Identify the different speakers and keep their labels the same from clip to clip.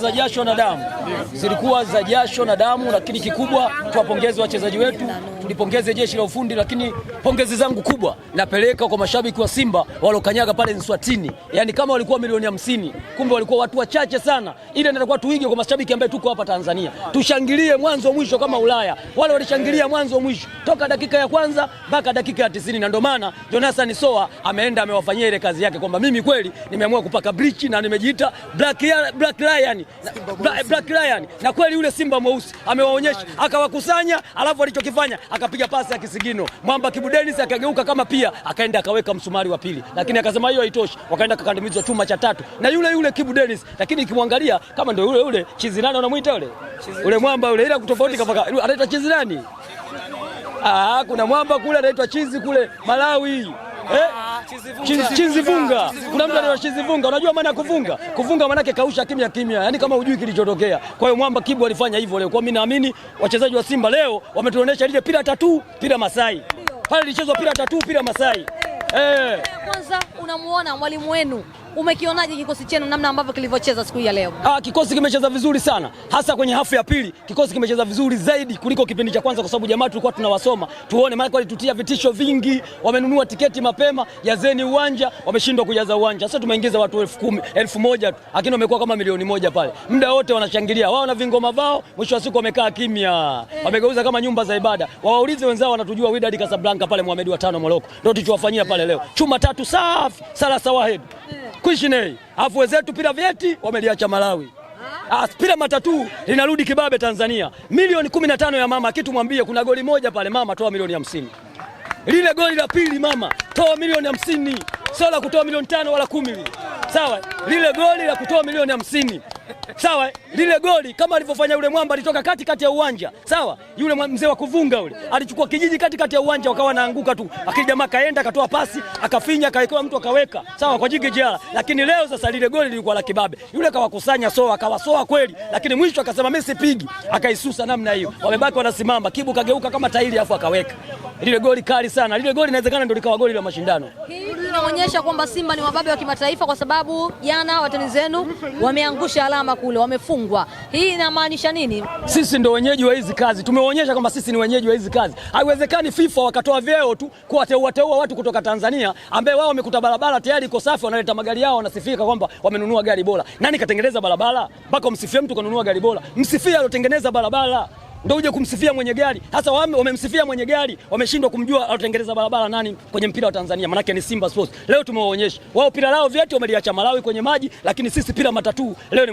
Speaker 1: za jasho na damu, zilikuwa za jasho na damu, lakini kikubwa tuwapongeze wachezaji wetu nipongeze jeshi la ufundi, lakini pongezi zangu kubwa napeleka kwa mashabiki wa Simba walokanyaga pale Nswatini. Yaani kama walikuwa milioni hamsini, kumbe walikuwa watu wachache sana. Ile natakuwa tuige kwa mashabiki ambao tuko hapa Tanzania, tushangilie mwanzo mwisho kama Ulaya. Wale walishangilia mwanzo mwisho toka dakika ya kwanza mpaka dakika ya 90, na ndio maana Jonathan Soa ameenda amewafanyia ile kazi yake kwamba mimi kweli nimeamua kupaka brichi na nimejiita Black, Black Lion, Black, Black Lion na kweli yule Simba mweusi amewaonyesha akawakusanya, alafu alichokifanya akapiga pasi ya kisigino, mwamba Kibu Dennis akageuka kama pia akaenda akaweka msumari wa pili, lakini akasema hiyo haitoshi, wakaenda kakandamizwa chuma cha tatu na yule yule Kibu Dennis, lakini ikimwangalia kama ndio yule yule chizi nani anamuita yule yule mwamba yule, ila kutofauti kama anaitwa chizi nani? Ah, kuna mwamba kule anaitwa chizi kule Malawi.
Speaker 2: Eh, Chizivunga,
Speaker 1: kuna mtu anaitwa Chizivunga. Unajua maana ya kuvunga? Kuvunga maana yake kausha kimya kimya, yaani kama hujui kilichotokea. Kwa hiyo mwamba Kibu alifanya hivyo leo. Kwa mimi naamini wachezaji wa Simba leo wametuonesha ile pira tatu, pira Masai pale ilichezwa pira tatu, pira Masai.
Speaker 3: Eh, kwanza unamuona mwalimu wenu Umekionaje kikosi chenu namna ambavyo kilivyocheza siku hii ya leo?
Speaker 1: Ah, kikosi kimecheza vizuri sana, hasa kwenye hafu ya pili. Kikosi kimecheza vizuri zaidi kuliko kipindi cha kwanza, kwa sababu jamaa tulikuwa tunawasoma tuone, maana walitutia vitisho vingi, wamenunua tiketi mapema, jazeni uwanja, wameshindwa kujaza uwanja. Sasa tumeingiza watu elfu kumi, elfu moja tu, lakini wamekuwa kama milioni moja pale, muda wote wanashangilia wao na vingoma vao, mwisho wa siku wamekaa kimya eh, wamegeuza kama nyumba za ibada. Wawaulize wenzao, wanatujua Wydad Casablanca pale Mohamed wa tano Moroko, ndio tulichowafanyia pale leo, chuma tatu safi, sala sawahedi kuishinei Afu wenzetu pira vyeti wameliacha Malawi. Aspira ah, matatu linarudi kibabe Tanzania. Milioni tano ya mama kitu mwambie kuna goli moja pale mama toa milioni hamsini. Lile goli la pili mama toa milioni hamsini. Sio la kutoa milioni tano wala kumi. Sawa? Lile goli la kutoa milioni hamsini sawa. Lile goli kama alivyofanya yule mwamba, alitoka kati kati ya uwanja sawa. Yule mzee wa kuvunga yule alichukua kijiji kati kati ya uwanja, wakawa naanguka tu, akili jamaa kaenda akatoa pasi akafinya, akawekewa mtu akaweka sawa, kwa jigi jala. Lakini leo sasa, lile goli lilikuwa la kibabe, yule kawakusanya soa, akawasoa kweli, lakini mwisho akasema mimi sipigi, akaisusa namna hiyo, wamebaki wanasimama. Kibu kageuka kama tairi, afu akaweka lile goli kali sana. Lile goli inawezekana ndio likawa goli la mashindano.
Speaker 3: Hii inaonyesha kwamba Simba ni wababe wa kimataifa, kwa sababu jana watani zenu wameangusha alama wamekwama kule, wamefungwa. Hii inamaanisha nini?
Speaker 1: Sisi ndio wenyeji wa hizi kazi, tumeonyesha kwamba sisi ni wenyeji wa hizi kazi. Haiwezekani FIFA wakatoa vyeo tu kuwateua watu kutoka Tanzania ambaye wao wamekuta barabara tayari iko safi, wanaleta magari yao, wanasifika kwamba wamenunua gari bora. Nani katengeneza barabara mpaka msifie mtu kanunua gari bora? Msifie aliotengeneza barabara ndio uje kumsifia mwenye gari. Hasa wamemsifia mwenye gari, wameshindwa kumjua alotengeneza barabara nani kwenye mpira wa Tanzania, manake ni Simba Sports. Leo tumewaonyesha wao pira lao vyeti wameliacha Malawi kwenye maji, lakini sisi pira matatu leo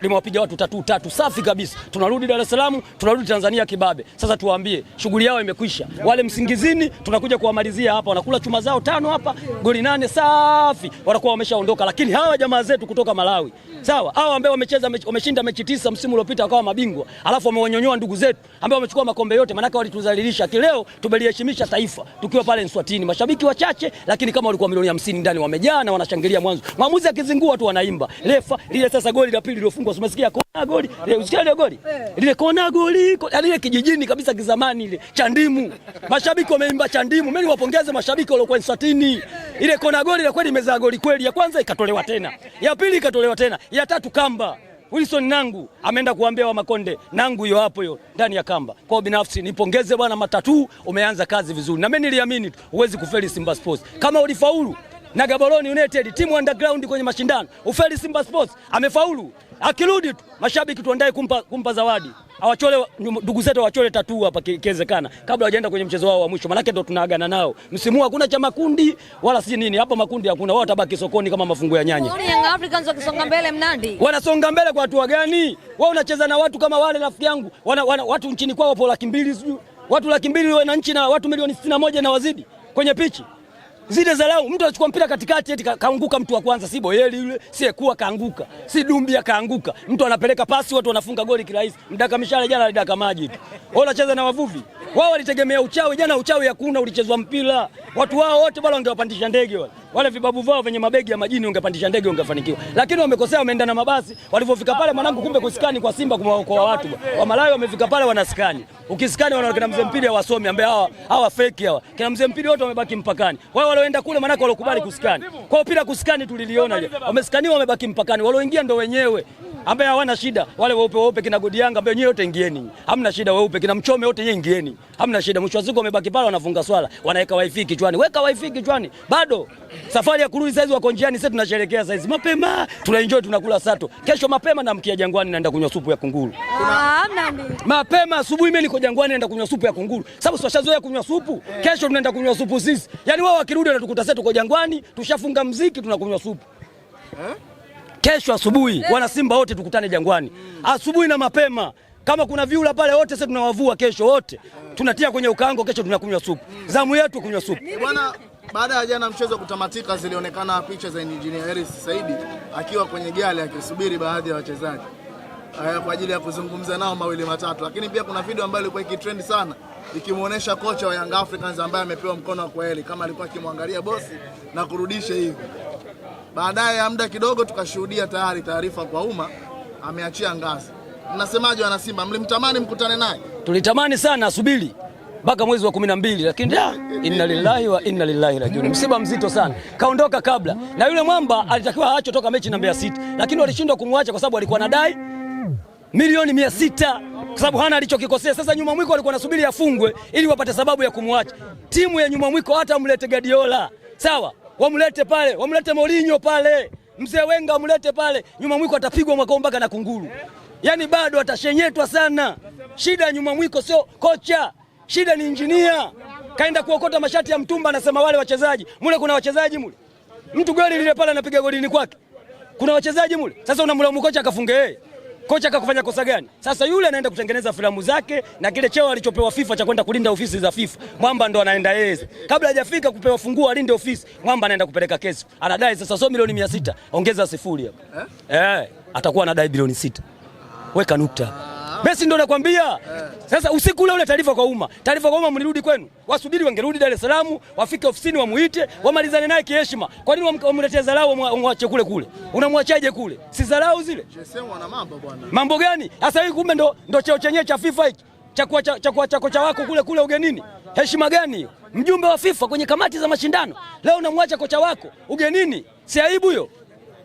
Speaker 1: limewapiga watu tatu tatu, safi kabisa. Tunarudi Dar es Salaam, tunarudi Tanzania kibabe. Sasa tuwaambie shughuli yao imekwisha, wale msingizini tunakuja kuwamalizia hapa, wanakula chuma zao tano hapa, goli nane, safi, watakuwa wameshaondoka. Lakini hawa jamaa zetu kutoka Malawi, sawa, hawa ambao wamecheza wameshinda mechi tisa msimu uliopita wakawa mabingwa, alafu wamewanyonyoa ndugu zetu wetu ambao wamechukua makombe yote, maanake walitudhalilisha. Leo tumeliheshimisha taifa tukiwa pale Nswatini, mashabiki wachache, lakini kama walikuwa milioni hamsini ndani wamejaa na wanashangilia mwanzo. Mwamuzi akizingua tu wanaimba refa lile. Sasa goli la pili lilofungwa, umesikia kona goli, usikia ile goli eh. lile kona goli lile kijijini kabisa kizamani ile chandimu, mashabiki wameimba chandimu. Mimi niwapongeze mashabiki waliokuwa Nswatini ile kona goli la kweli imezaa goli kweli. Ya kwanza ikatolewa tena, ya pili ikatolewa tena, ya tatu kamba Wilson Nangu ameenda kuambia wa Makonde Nangu yo hapo yo ndani ya kamba. Kwa binafsi nipongeze bwana Matatu, umeanza kazi vizuri, na mimi niliamini huwezi kufeli Simba Sports. Kama ulifaulu na Gaboroni United, timu underground kwenye mashindano. Ufeli Simba Sports amefaulu, akirudi tu mashabiki tuandae kumpa, kumpa zawadi awachole ndugu zetu awachole tatu hapa kiwezekana, kabla hawajaenda kwenye mchezo wao wa mwisho, manake ndo tunaagana nao msimu. huu Hakuna cha makundi wala si nini hapa, makundi hakuna, wao watabaki sokoni kama mafungu ya nyanya.
Speaker 3: Wao Yanga Africans wakisonga mbele, Mnandi
Speaker 1: wanasonga mbele kwa hatua gani? Wao unacheza na watu kama wale, rafiki yangu, wana, wana, watu nchini kwao wapo laki mbili sijui watu laki mbili nchi na watu milioni 61 na wazidi kwenye pichi zile dharau, mtu anachukua mpira katikati, eti kaanguka mtu wa kwanza, si Boyeli yule, si Ekua kaanguka, si Dumbia kaanguka, mtu anapeleka pasi, watu wanafunga goli kirahisi. Mdaka mishale jana alidaka maji tu. wao na wavuvi wao walitegemea uchawi. Jana uchawi hakuna, ulichezwa mpira. Watu wao wote bwana, wangewapandisha ndege wale wale vibabu vao venye mabegi ya majini, ungepandisha ndege, ungefanikiwa. Lakini wamekosea, wameenda na mabasi. Walivyofika pale mwanangu, kumbe kusikani kwa Simba kumwaokoa watu. wa Malawi. wamefika pale, wanasikani. Ukisikani wana kina mzee mpili wasomi, ambaye hawa hawa fake hawa kina mzee mpili wote wamebaki mpakani. Wao walioenda kule, maanake walokubali kusikani kwao, pira kusikani tuliliona, wamesikaniwa, wamebaki mpakani. Walioingia ndo wenyewe ambaye hawana shida, wale weupe weupe, kina Godi Yanga ambaye nyewe yote ingieni, hamna shida. Weupe kina Mchome wote nyewe ingieni hamna shida. Mwisho wa siku wamebaki pale, wanafunga swala, wanaweka wifi kichwani, weka wifi kichwani. Bado safari ya kurudi saizi, wako njiani. Sisi tunasherekea saizi mapema, tuna enjoy, tunakula sato. Kesho mapema namkia Jangwani, naenda kunywa supu ya kunguru. Ah, hamna Mapema asubuhi mimi niko Jangwani, naenda kunywa supu ya kunguru, sababu si washazoea kunywa supu. Kesho tunaenda kunywa supu sisi, yaani wao wakirudi wanatukuta sisi tuko Jangwani, tushafunga mziki, tunakunywa supu eh? kesho asubuhi, eh. wana Simba wote tukutane Jangwani asubuhi na mapema. Kama kuna vyura pale wote sasa tunawavua kesho wote. Tunatia kwenye ukango kesho tunakunywa supu. Zamu yetu kunywa supu.
Speaker 4: Bwana baada ya jana mchezo kutamatika, zilionekana picha za Engineer Harris Saidi akiwa kwenye gari akisubiri baadhi ya wachezaji eh, kwa ajili ya kuzungumza nao mawili matatu, lakini pia kuna video ambayo ilikuwa ikitrend sana ikimuonesha kocha wa Young Africans ambaye amepewa mkono wa kweli kama alikuwa akimwangalia bosi na kurudisha hivi. Baadaye ya muda kidogo tukashuhudia tayari taarifa kwa umma ameachia ngazi. Mnasemaje wana Simba, mlimtamani mkutane naye?
Speaker 1: Tulitamani sana asubiri mpaka mwezi wa kumi na mbili, lakini ah, inna lillahi wa inna lillahi rajiun. Msiba mzito sana, kaondoka kabla. Na yule mwamba alitakiwa aachwe toka mechi na Mbeya City, lakini walishindwa kumwacha kwa sababu alikuwa anadai milioni mia sita kwa sababu hana alichokikosea. Sasa nyuma mwiko alikuwa anasubiri afungwe ili wapate sababu ya kumwacha timu ya nyuma mwiko. Hata wamlete Guardiola sawa, wamlete pale, wamlete Mourinho pale, mzee Wenga wamlete pale, nyuma mwiko atapigwa mwakao mpaka na kunguru yani bado atashenyetwa sana. Shida ya nyuma mwiko sio kocha, shida ni injinia. Kaenda kuokota mashati ya mtumba, anasema wale wachezaji mule. Kuna wachezaji mule, mtu goli lile pale anapiga goli ni kwake, kuna wachezaji mule. Sasa unamlaumu kocha, akafunge yeye kocha akakufanya kosa gani? Sasa yule anaenda kutengeneza filamu zake na kile cheo alichopewa FIFA cha kwenda kulinda ofisi za FIFA, mwamba ndo anaenda yeye. Kabla hajafika kupewa funguo alinde ofisi, mwamba anaenda kupeleka kesi, anadai sasa, sio milioni 600, ongeza sifuri hapo eh? Eh, atakuwa anadai bilioni sita weka nukta. Messi ndo nakwambia. Sasa usiku ule ule taarifa kwa umma. Taarifa kwa umma mlirudi kwenu. Wasubiri wangerudi Dar es Salaam, wafike ofisini wamuite, wamalizane naye kiheshima. Kwa nini wamletea dharau wamwache kule kule? Unamwachaje kule? Si dharau zile?
Speaker 4: wana mambo bwana.
Speaker 1: Mambo gani? Sasa hii kumbe ndo ndo cheo chenyewe cha FIFA hiki. Cha kuwa cha kuwa cha kocha wako kule kule ugenini. Heshima gani Mjumbe wa FIFA kwenye kamati za mashindano. Leo unamwacha kocha wako ugenini. Si aibu hiyo?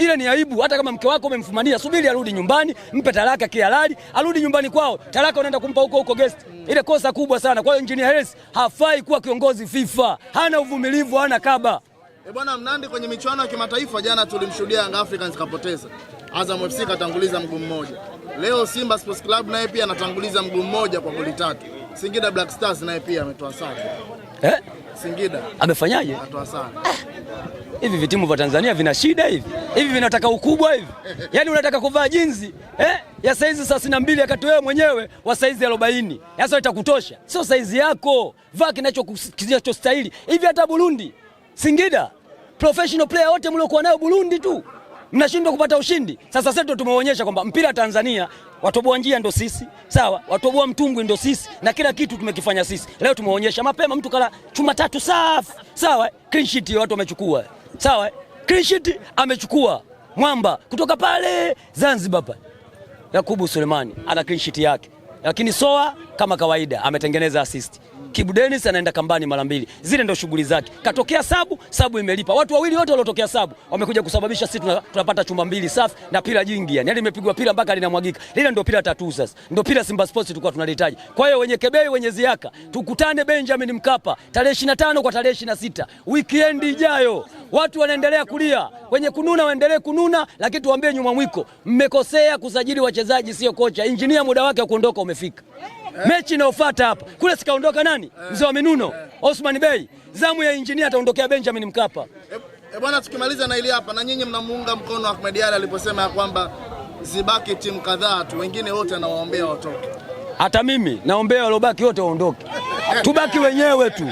Speaker 1: Ile ni aibu. Hata kama mke wako umemfumania, subiri arudi nyumbani, mpe talaka kihalali, arudi nyumbani kwao. Talaka unaenda kumpa huko huko guest. Mm. Ile kosa kubwa sana. Kwa hiyo Engineer Hersi hafai kuwa kiongozi FIFA, hana uvumilivu, hana kaba.
Speaker 4: E bwana Mnandi, kwenye michuano ya kimataifa jana tulimshuhudia Young Africans kapoteza, Azam FC katanguliza mguu mmoja. Leo Simba Sports Club naye pia anatanguliza mguu mmoja kwa goli tatu. Singida Black Stars naye pia ametoa sare. Eh? Singida amefanyaje? Ametoa sare
Speaker 1: hivi vitimu vya Tanzania vina shida hivi hivi, vinataka ukubwa hivi. Yaani unataka kuvaa jinzi eh, ya saizi thelathini na mbili akati wewe mwenyewe wa saizi arobaini sasa itakutosha? Sio saizi yako, vaa kinachostahili hivi. Hata Burundi, Singida, professional player wote mliokuwa nayo Burundi tu mnashindwa kupata ushindi. Sasa sasa tumeonyesha kwamba mpira Tanzania watoboa njia ndo sisi, sawa, watoboa mtumbwi ndo sisi, na kila kitu tumekifanya sisi. Leo tumeonyesha mapema, mtu kala chuma tatu safi, sawa, clean sheet watu wamechukua sawa, clean sheet amechukua mwamba kutoka pale Zanzibar pale, Yakubu Sulemani ana clean sheet yake, lakini Soa kama kawaida ametengeneza assist. Kibu Dennis anaenda kambani mara mbili, zile ndio shughuli zake. Katokea sabu, sabu imelipa. Watu wawili wote waliotokea sabu wamekuja kusababisha sisi tunapata chumba mbili safi na pila jingi, yani yani limepigwa pila mpaka linamwagika. Lile ndio pila tatu sasa, ndio pila Simba Sports tulikuwa tunalihitaji. Kwa hiyo wenye kebei, wenye ziaka, tukutane Benjamin Mkapa tarehe 25 kwa tarehe 26 weekend ijayo. Watu wanaendelea kulia kwenye kununa, waendelee kununa, lakini tuambie nyuma mwiko, mmekosea kusajili wachezaji, sio kocha. Injinia muda wake wa kuondoka umefika. Mechi inayofuata hapa, kule sikaondoka nani, mzee wa minuno Osman Bey, zamu ya injinia ataondokea Benjamin Mkapa. E,
Speaker 4: e bwana, tukimaliza na ili hapa, na nyinyi mnamuunga mkono Ahmed Ally aliposema ya kwamba zibaki timu kadhaa tu, wengine wote anawaombea watoke.
Speaker 1: Hata mimi naombea waliobaki wote waondoke tubaki wenyewe tu,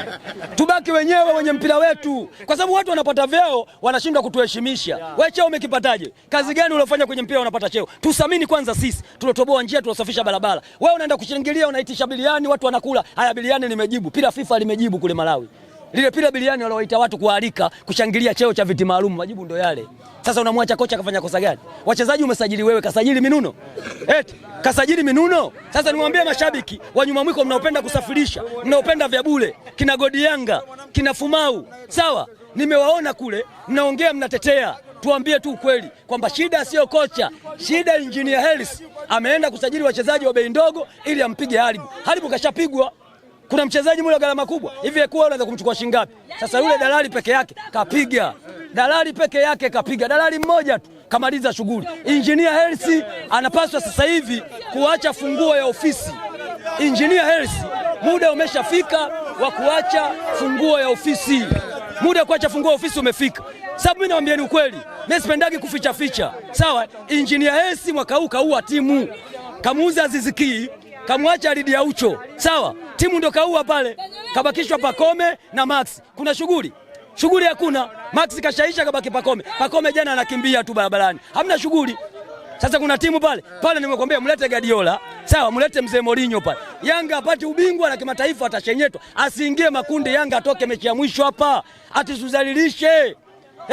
Speaker 1: tubaki wenyewe wenye mpira wetu, kwa sababu watu wanapata vyeo wanashindwa kutuheshimisha. Wewe cheo umekipataje? Kazi gani uliofanya kwenye mpira unapata cheo? Tusamini kwanza sisi tulotoboa njia, tulosafisha barabara. Wewe unaenda kushangilia, unaitisha biliani, watu wanakula haya biliani. Limejibu pira FIFA limejibu kule Malawi lile pila biliani waliowaita watu kualika kushangilia cheo cha viti maalum, majibu ndo yale. Sasa unamwacha kocha kafanya kosa gani? Wachezaji umesajili wewe, kasajili Minuno eti kasajili Minuno. Sasa niwaambie mashabiki wa nyuma mwiko, mnaopenda kusafirisha, mnaopenda vya bure, kina yanga kina Fumau, sawa, nimewaona kule, mnaongea mnatetea Tuambie tu ukweli kwamba shida sio kocha, shida Engineer Hersi ameenda kusajili wachezaji wa bei ndogo ili ampige Haribu. Haribu kashapigwa. Kuna mchezaji mule gharama kubwa hivi, kuwa unaweza kumchukua shingapi? Sasa yule dalali peke yake kapiga, dalali peke yake kapiga, dalali mmoja tu kamaliza shughuli. Injinia Hersi anapaswa sasa hivi kuacha funguo ya ofisi. Injinia Hersi, muda umeshafika wa kuacha funguo ya ofisi, muda wa kuacha funguo ya ofisi umefika. Sababu mimi ni ukweli, mimi sipendagi kuficha ficha, sawa. Injinia Hersi mwaka huu kaua timu, kamuuza Aziziki, kamwacha ya Ucho, sawa timu ndo kaua pale, kabakishwa Pakome na Max. Kuna shughuli shughuli hakuna. Max kashaisha, kabaki Pakome. Pakome jana anakimbia tu barabarani, hamna shughuli. Sasa kuna timu pale pale, nimekwambia mlete Guardiola sawa, mlete mzee Mourinho pale. Yanga apate ubingwa na kimataifa, atashenyetwa, asiingie makundi. Yanga atoke mechi ya mwisho hapa, atizuzalilishe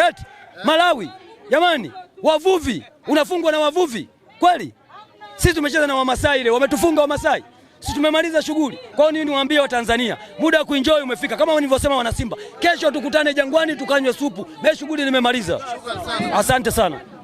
Speaker 1: eti Malawi. Jamani, wavuvi unafungwa na wavuvi kweli? Sisi tumecheza na Wamasai ile, wametufunga Wamasai si tumemaliza shughuli. Kwa hiyo nini niwaambie Watanzania, muda wa kuenjoy umefika. Kama walivyosema wana Simba, kesho tukutane Jangwani tukanywe supu. Mimi shughuli nimemaliza, asante sana.